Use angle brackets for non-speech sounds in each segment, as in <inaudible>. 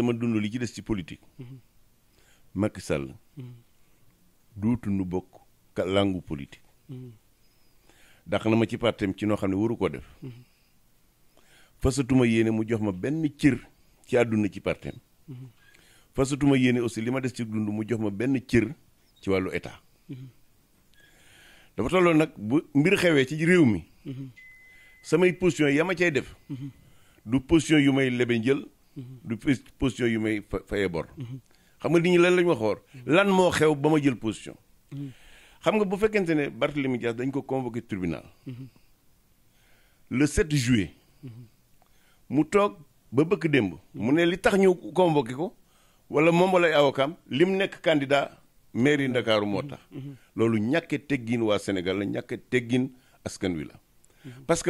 sama dund li ci des ci politique. Macky Sall. duutu nu bokk ka langu politique. dàq na ma ci partem ci noo xam ne waru koo def. ma yéene mu jox ma benn cër ci àdduna ci partem ma yéene aussi li ma des ci dund mu jox ma benn cër ci wàllu état. dafa tolloon nag bu mbir xewee ci réew mi. samay position ya ma cay def. du position yu may lebe jël. Mhm. du position yu may fayee bor mhm. xam nga nit ñi lañu lañ waxoor mhm. lan moo xew ba ma jël position xam nga bu fekkente ne Barthélemy Dias dañ ko convoqué tribunal le 7 juillet mu toog ba bëkk démb mu ne li tax ñu convoqué ko wala moom wala ay avocat li mu nekk candidat mairie Ndakaaru moo tax loolu ñàkke teggin waa Sénégal la ñàkke teggin askan wi la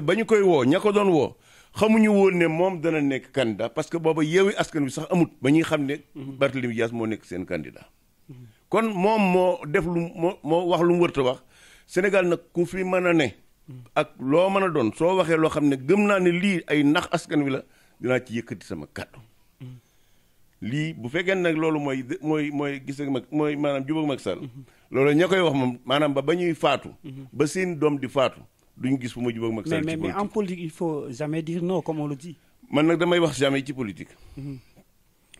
ba ñu koy woo ña ko doon woo xamuñu woon ne moom dana nekk candidat parce que booba yeewi askan wi sax amut ba ñuy xam ne mhm. Barthélemy Dias moo nekk seen candidat kon moom moo def lu moo moo wax lu mu wërta wax Sénégal nag ku fi mën a ne mhm. ak loo mën a doon soo waxee loo xam ne gëm naa ne lii ay nax askan wi la dinaa ci yëkkati sama kàddu mhm. lii bu fekkee nag loolu mooy mooy mooy gis ak mag mooy maanaam jubag mag sall loolu ña koy wax moom maanaam ba ba ñuy faatu ba seen doom di faatu duñu gis fu ma jubóog Macky Sall. mais mais en politique il faut jamais dire non comme on man nag damay wax jamais ci politique. Mhm.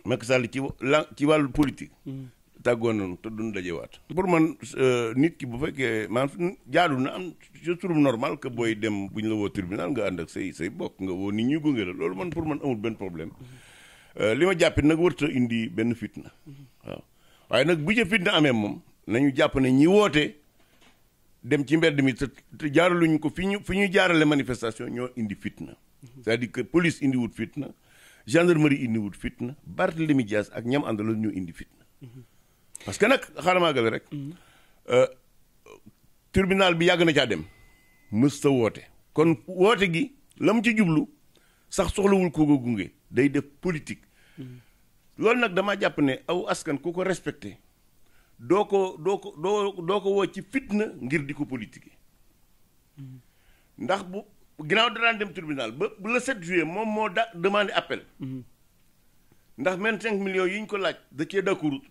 Macky Sall ci la ci wàllu politique. Mhm. tàggoo nañu te duñu dajewaat. pour man euh, nit ki bu fekkee maanaam jaadu na am je normal que booy dem bu ñu la woo tribunal nga ànd ak say say bokk nga woo nit ñuy gunge la loolu man pour man amul benn problème mhm. euh, li ma jàppee nag warut indi benn fitna waaw waaye nag bu ca fitna amee moom nañu jàpp na ñi wootee dem ci mbedd mi te jaaraluñ ko fi ñu fi ñu jaarale manifestation ñoo indi fitna. c'est-à-dire que police indi wut fitna gendarmerie indi wut fitna Barthélemy Dias ak ñam àndaloon ñoo indi fitna. parce que nag xaaramaagal rek. Euh, tribunal bi yàgg na caa dem. mës sa woote. kon woote gi la mu ci jublu sax soxlawul koo ko gunge day def politique. Mm-hmm. loolu nag damaa jàpp ne aw askan ku ko respecté. doo ko doo ko doo doo ko woo ci fitna ngir di ko politique ndax bu ginnaaw danaan dem tribunal ba bu le 7 juillet moom moo da demandé appel ndax vingt cinq millions yi ñu ko laaj da cee dakkoorut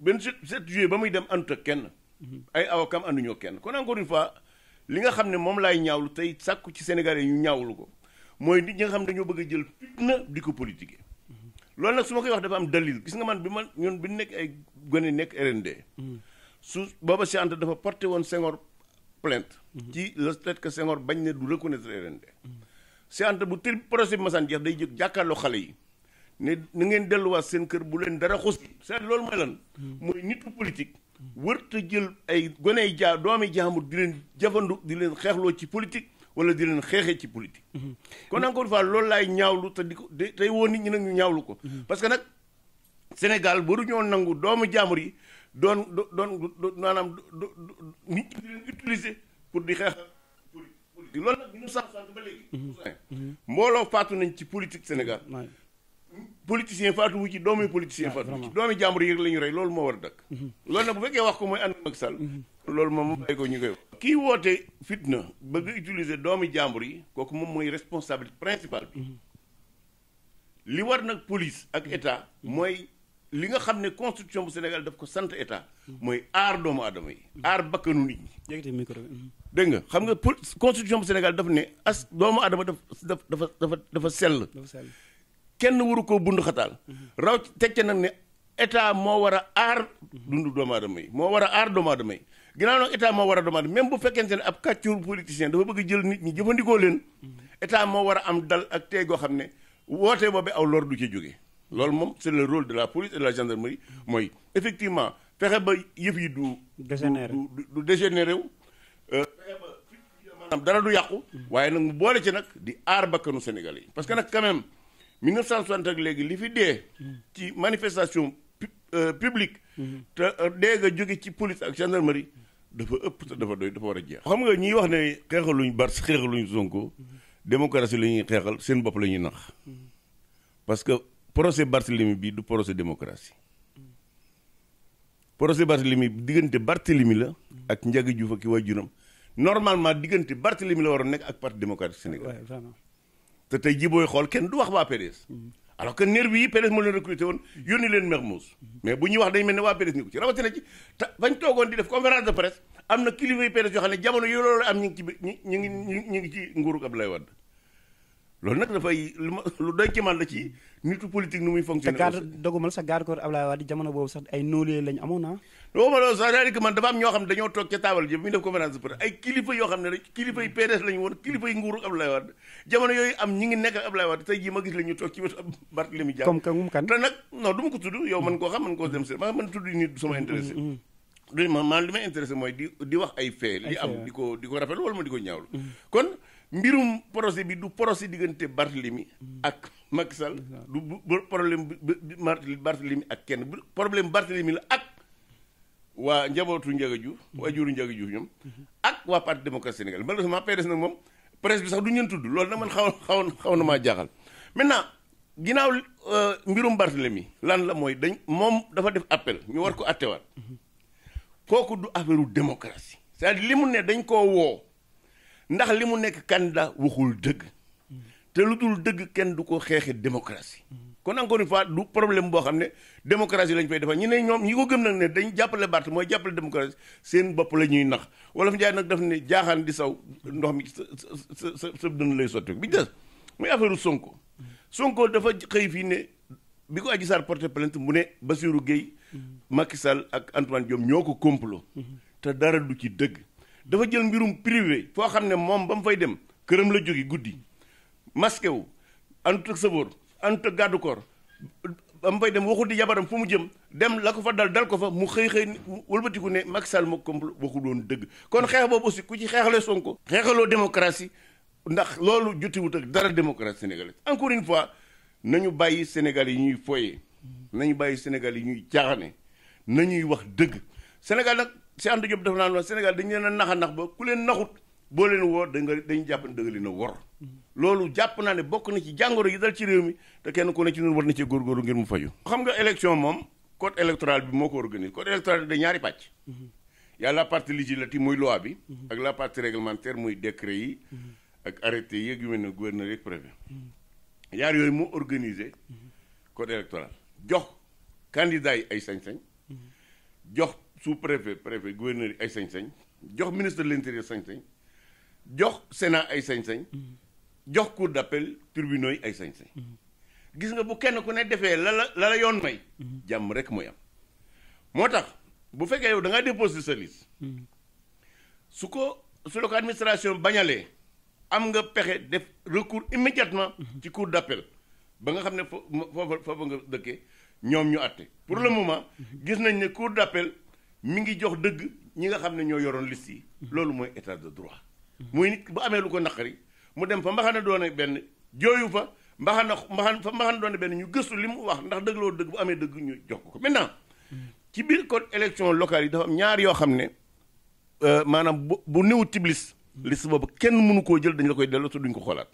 benn 7 juillet ba muy dem àndut ak kenn ay awakam ànduñoo kenn kon encore une fois li nga xam ne moom laay ñaawlu tey sàkku ci sénégal yi ñu ñaawlu ko mooy nit ñi nga xam ne dañoo bëgg a jël fitna di ko politique loolu nag su ma koy wax dafa am dalil gis nga man bi man ñun bi nekk ay gone nekk RND. Hmm. su booba Cheikh Anta dafa porté woon Senghor plainte. Hmm. ci la fait que Senghor bañ ne du reconnaître RND. Hmm. Cheikh Anta bu tëj projet bi Massane jeex day jóg jàkkaarloo xale yi ne na ngeen delluwaat seen kër bu leen dara xus. c'est loolu mooy lan. mooy nitu politique. wërta jël ay gone yi jaa doomi jaamur di leen jafandu di leen xeexloo ci politique. wala di leen xeexee ci politique. Mhm. kon encore une fois loolu laay ñaawlu te di ko tey woo nit ñi nag ñu ñaawlu ko. Mhm. parce que nag Sénégal waruñoo nangu doomu jaamur yi doon doon maanaam nit ñi di leen utiliser pour di xeex. loolu nag ñu ngi sant ba léegi. Mhm. mbooloo faatu nañ ci politique Sénégal. politicien faatu wu ci doomi mm-hmm. politicien ah, faatu wu ci doomi jàmbur yi rek la ñu rey loolu moo war a dëkk mm-hmm. loolu nag bu fekkee wax ko mooy ànd ak Sall mm-hmm. loolu moom bàyyi ko ñu koy wax kii woote fitna bëgg utiliser doomi jàmbur yi kooku moom mooy responsabilité principale bi li war nag police ak état mooy li nga xam ne constitution bu Sénégal daf ko sant état mooy aar doomu aadama yi aar bakkanu nit ñi dégg nga xam nga constitution bu Sénégal daf ne as doomu aadama daf dafa dafa dafa dafa sell kenn waru koo bund xataal raw teg ca nag ne état moo war a aar dundu doomu aadama yi moo war a aar doomu aadama yi ginnaaw nag état moo war a doomu aadama même bu fekkente ne ab kàccur politicien dafa bëgg jël nit ñi jëfandikoo leen état moo war a am dal ak tey goo xam ne wootee boobu aw lor du ci jóge loolu moom c'est le rôle de la police et de la gendarmerie mooy effectivement fexe ba yëf yi du du dégénéré wu euh, fexe ba dara du yàqu mm. waaye nag mu boole ci nag di aar bakkanu Sénégal parce que nag quand 1960 ak léegi li fi dee. ci manifestation euh, publique. te euh, dee nga jóge ci police ak gendarmerie. dafa ëpp te dafa doy dafa war a jeex. xam nga ñiy wax ne xeexaluñ Barth xeexaluñ Sonko. démocratie la ñuy xeexal seen bopp la ñuy nax. parce que procès Barthélemy bi du procès démocratie. procès Barthélemy diggante Barthélemy la. ak Ndiaga Diouf ak waajuram normalement diggante Barthélemy la waroon nekk ak parti démocratique Sénégal. te tey jii xool kenn du wax waa PDS. Mm-hmm. alors que nervi yi PDS moo leen recruté woon yónni leen Mermoz mm-hmm. mais bu ñuy wax dañ mel ne waa PDS ni ko ci rawatina ci te bañ toogoon di def conférence de presse am na kilifa yu PDS yoo xam ne jamono yu loolu am ñu ngi ci ñu ngi ñu ngi ci nguuru Abdoulaye Wade loolu nag dafay lu ma lu doy ci man la ci nitu politique nu muy fonctionné. te garde dogumal sax boobu sax ay noolee lañ ah. man dafa am ñoo xam ne dañoo toog ca taabal ji bi ñu def conférence de presse ay kilifa yoo yooyu am ñi ngi nekk ak Abdoulaye Wade tey jii ma gis la ñu toog ci wetu Barthélémy Dias. comme kan te nag du ma ko tudd yow man koo xam man koo dem si ma man tudd nit du sama mm, mm, mm. du ma man li ma intéressé mooy di di wax ay faits. li am di ah. ko di ko rafetlu wala ma di ko ñaawlu. kon mbirum procès bi du procès diggante Barthélémy ak Macky Sall du bu problème bi Barthélemy ak kenn bu problème Barthélemy la ak waa njabootu Ndiaga Diouf mhm. waa juru Ndiaga Diouf ñoom mhm. ak waa parti démocratie Sénégal malheureusement PDS nag moom presse bi sax du ñeen tudd loolu nag man xaw xaw xaw na maa jaaxal maintenant ginnaaw euh, mbirum Barthélemy lan la mooy dañ moom dafa def appel ñu war ko attewaat mhm. kooku du affaire démocratie cest à li mu ne dañ koo woo ndax li mu nekk candidat waxul dëgg te lu dul dëgg kenn du ko xeexee démocratie. kon encore une fois du problème boo xam ne démocratie lañ fay defal ñu ne ñoom ñi ko gëm nag ne dañ jàppale Barth mooy jàppale démocratie seen bopp la ñuy nax wolof Njaay nag daf ne jaaxaan di saw ndox mi sa sa sa dënn lay sotti bi ñu des muy affaire Sonko. Sonko dafa xëy fii ne bi ko Adji Sarr porté mu ne Bassirou Gueye. Macky Sall ak Antoine Diome ñoo ko complot. te dara du ci dëgg. dafa jël mbirum privé foo xam ne moom ba mu fay dem këram la jógee guddi. masqué wu àndut ak sëboor àndut ak ba mu fay dem waxul di jabaram fu mu jëm dem la ko fa dal dal ko fa mu xëy xëy wëlbatiku ne Macky Sall moo complot waxul woon dëgg kon xeex boobu aussi ku ci xeexalee Sonko xeexaloo démocratie ndax loolu jottiwut ak dara démocratie sénégalaise encore une fois nañu bàyyi Sénégal yi ñuy foyee nañu bàyyi senegal yi ñuy jaaxane nañuy wax dëgg senegal nag si ànd Diop dafa naan wax senegal dañu leen a nax a nax ba ku leen naxut boo leen woo da nga dañu jàpp ne dëgg leen a loolu jàpp naa ne bokk na ci jàngoro yi dal ci réew mi te kenn ko ne ci ñun war na cee góorgóorlu ngir mu faju xam nga élection moom code électoral bi moo ko organise code électoral bi da ñaari pàcc y a la partie muy loi bi ak la partie réglementaire muy décret ak arrêté yi yu mel ne gouverneur yi ak yooyu moo organiser code jox candidat yi ay sañ-sañ jox sous préfet préfet gouverneur yi ay sañ-sañ jox ministre de l'intérieur sañ-sañ jox sénat ay sañ-sañ jox cour d'appel tribunaux yi ay sañ-sañ gis nga bu kenn ku ne defee la la la la yoon may jàmm rek mooy am moo tax bu fekkee yow da ngaa déposé sa liste su ko su la ko administration bañalee am nga pexe def recours immédiatement ci cour d'appel ba nga xam ne foofu foofu nga dëkkee ñoom ñu àtte pour le moment gis nañ ne cour d'appel mu ngi jox dëgg ñi nga xam ne ñoo yoroon liste yi loolu mooy état de droit muy nit bu amee lu ko naqari mu dem fa mbaxana doone benn jooyu fa mbaxana mbaxan fa mbaxana doon benn ñu gëstu li mu wax ndax dëgg loolu dëgg bu amee dëgg ñu jox ko maintenant ci biir code élection locale yi dafa am ñaar yoo xam ne euh, maanaam bu bu néew tiblis liste boobu kenn mënu koo jël dañu la koy delloo duñ ko xoolaat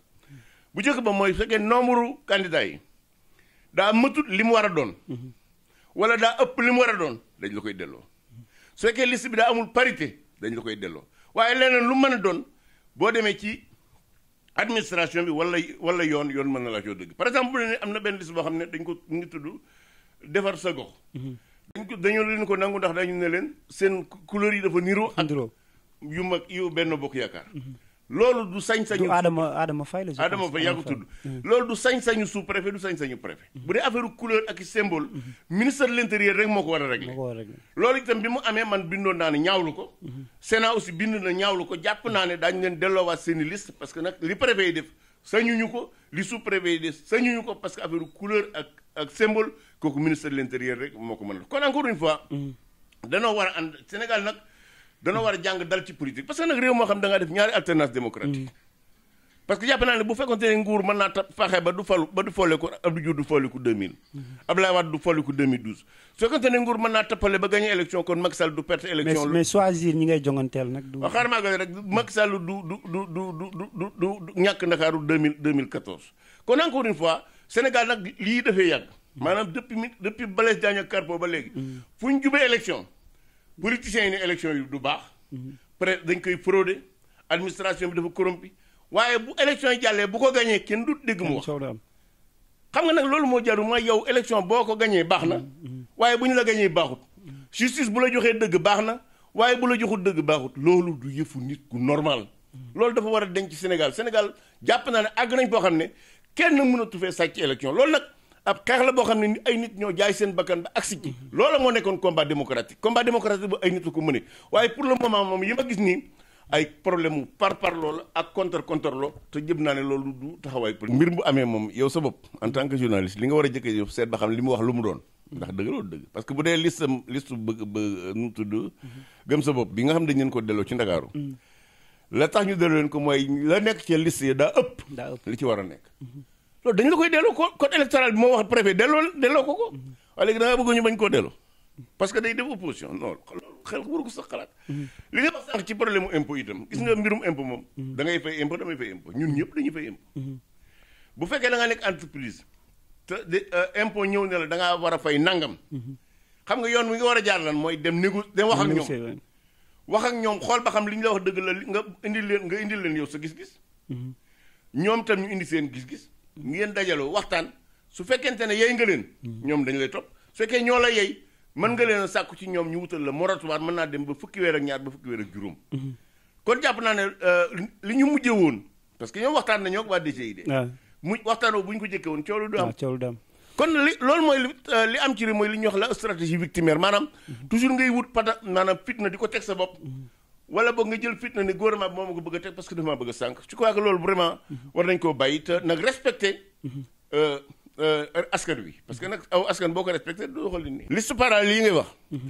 bu njëkk ba mooy fekkee nombre candidat yi daa mëtut li mu war a doon daa ëpp li mu war a doon dañ la koy delloo su fekkee liste bi daa amul parité dañ la koy delloo waaye leneen lu mën a doon boo demee ci administration bi wala wala yoon yoon mën na laa coo dëgg par exemple bu am na benn liste boo xam ne dañ ko ngi tudd defar sa gox mm-hmm. dañ ko dañoo leen ko nangu ndax dañu ne leen seen couleur yi dafa niroo ak yu mag yu benn bokk yaakaar mm-hmm. loolu du sañ-sañu. du Adama Adama Faye la. Adama Faye yaa mm. loolu du sañ-sañu sous préfet sañ-sañu préfet. Mm. bu dee affaire couleur ak symbole. Mm-hmm. ministre de l' intérieur rek moo ko war a régler. loolu itam bi mu amee man bindoon naa ne ñaawlu ko. Mm-hmm. Sénat aussi bind na ñaawlu ko jàpp naa ne daañu leen delloowaat seen i parce que nag li préfet yi def sañuñu ko li sous préfet yi def sañuñu ko parce que affaire couleur ak ak symbole kooku ministre de rek moo ko man a kon encore une fois. Mm-hmm. danoo war a ànd Sénégal nag. dana war a jàng dal ci politique parce que nag réew moo xam da ngaa def ñaari alternance démocratique mm. parce que jàpp naa ne bu fekkoon ne nguur mën naa faxe ba du falu ba du folliku Abdou Diouf du folliku 2000 mm-hmm. ba du perte ñàkk Ndakaaru 2000 2014 kon encore une fois Sénégal nag lii dafee yàgg mm. maanaam depuis mi Blaise Diagne ak Carpo ba léegi mm. fu ñu jubee élection politiciens yi ne élection yi du baax. peut dañ koy frauder administration bi dafa corrompi waaye bu élection yi jàllee bu ko gañee kenn du dégg mu wax. xam nga nag loolu moo jaru mooy yow élection boo ko gañee baax na waaye bu ñu la gañee baaxut justice bu la joxee dëgg baax na waaye bu la joxul dëgg baaxut loolu du yëfu nit ku normal loolu dafa war a denc ci Sénégal Sénégal jàpp naa ne àgg nañ koo xam ne kenn mënatu fee sàcc élection loolu nag ab xeex la boo xam ne ay nit ñoo jaay seen bakkan ba agsi ci loola moo nekkoon combat démocratique combat démocratique bu ay nit ko mëne waaye pour le mu ak contre contre loo naa ne loolu du taxawaay pour mbir bu amee moom yow sa bopp en tant que journaliste li nga war a jëkkee yow mu wax lu mu doon ndax dëgg loolu dëgg parce que bu dee liste liste bëgg bëgg nu tudd gëm sa bopp bi nga xam dañ leen ko delloo ci Ndakaaru mm. la tax ñu delloo leen ko mooy la nekk ci liste yi daa ëpp li ci war a nekk loolu dañ la koy delloo ko code électoral moo wax préfet delloo delloo ko ko waaye léegi da ngaa bëgg ñu bañ koo delloo parce que day def opposition non xel waru ko xalaat li nga wax sànq ci problème mu impôt itam gis nga mbirum impôt moom da ngay fay impôt damay fay impôt ñun ñëpp dañuy fay bu fekkee da nga nekk entreprise te euh, impôt ñëw ne la da war a fay nangam xam nga yoon wi nga war a jaar lan mooy dem négo dem wax ak ñoom wax ak ñoom xool ba xam li ñu la wax dëgg la nga indil leen nga indil leen yow sa gis-gis mhm. ñoom tam ñu indi seen gis-gis ngeen dajaloo waxtaan su fekkente ne yey nga leen. ñoom dañu lay topp su fekkee ñoo la yey mën nga leen a sàkku ci ñoom ñu wutal la moratoire mën naa dem ba fukki weer ak ñaar ba fukki weer ak juróom. Mm-hmm. kon jàpp naa ne euh, li ñu mujjee woon parce que ñoom waxtaan nañoo waa DGID. mu waxtaan woo ko jëkkee woon coow lu du am coow du am. kon loolu mooy li euh, am ci réew mooy li ñuy wax la stratégie victimaire maanaam. Mm-hmm. toujours ngay wut pata maanaam fitna di ko teg sa bopp. Mm-hmm. wala boog nga jël fitna ne gouvernement bi moo ma ko bëgg a teg parce que dafa maa bëgg a sànq je crois que loolu vraiment war nañ koo bàyyi te nag respecté euh, euh, askan wi parce que nag aw askan boo ko respecté doo xool ni liste parallèle yi ngay wax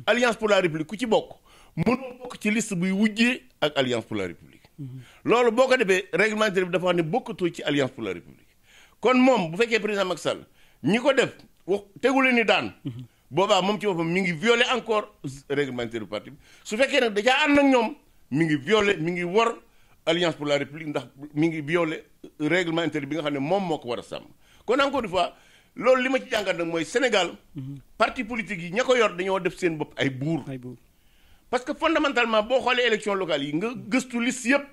alliance pour la république ku ci bokk mënoo bokk ci list buy wujjee ak alliance pour la république loolu boo ko defee réglementaire bi dafa wax ne bokkatoo ci alliance pour la république kon moom bu fekkee président Macky Sall ñi ko def wax tegu leen ni daan boobaa moom ci boppam mi ngi violer encore réglementaire bu parti su fekkee nag dajaa ànd ñoom mi ngi violé mi ngi war alliance pour la république ndax mi ngi violé règlement intérieur bi nga xam ne moom moo ko war a sàmm kon encore une fois loolu li ma ci jàngat nag mooy Sénégal parti politique yi ña ko yor dañoo def seen bopp ay buur parce que fondamentalement boo xoolee élection locale yi nga gëstu liste yëpp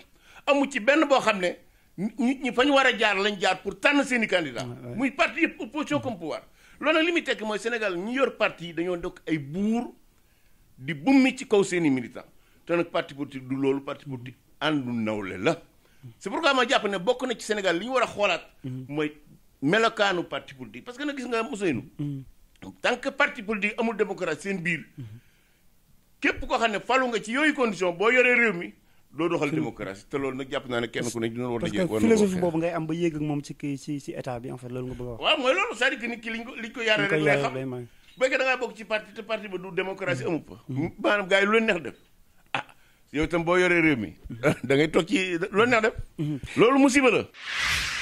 amu ci benn boo xam ne nit ñi fa ñu war a jaar lañ jaar pour tànn seen i candidat muy parti yëpp opposition comme pouvoir loolu nag li muy te mooy Sénégal ñi yor parti dañoo dokk ay buur di bummi ci kaw seen i militant te nag parti politique du loolu parti politique àndu nawle la c'est pourquoi ma jàpp bokk na ci Sénégal li ñu war a xoolaat mooy melokaanu parti politique parce que nag gis nga Ousseynou tant que parti amul démocratie biir képp koo xam ne falu nga ci yooyu condition boo yoree réew mi doo moom ci kii ci ci état bi en fait loolu nga bëgg a wax waaw mooy loolu c'est-à-dire que nit ki liñ ko liñ rek lay xam béykat da bokk ci parti te parti ba du démocratie mm-hmm. amu fa maanaam gars yi lu leen neex def yow itam boo yoree réew mi <laughs> da ngay toog loolu neex def mm-hmm. la